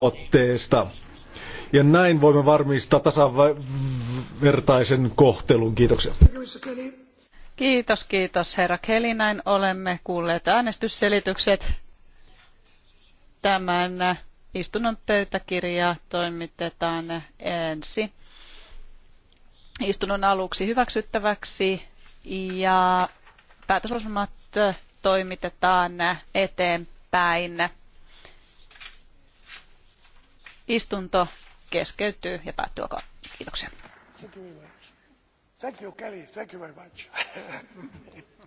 otteesta. Ja näin voimme varmistaa tasavertaisen kohtelun. Kiitoksia. Kiitos, kiitos herra Keli. Näin olemme kuulleet äänestysselitykset. Tämän istunnon pöytäkirja toimitetaan ensi istunnon aluksi hyväksyttäväksi ja päätöslausumat toimitetaan eteenpäin. Istunto keskeytyy ja päättyy alkaa. Kiitoksia. Thank you very much. Thank you, Kelly. Thank you very much.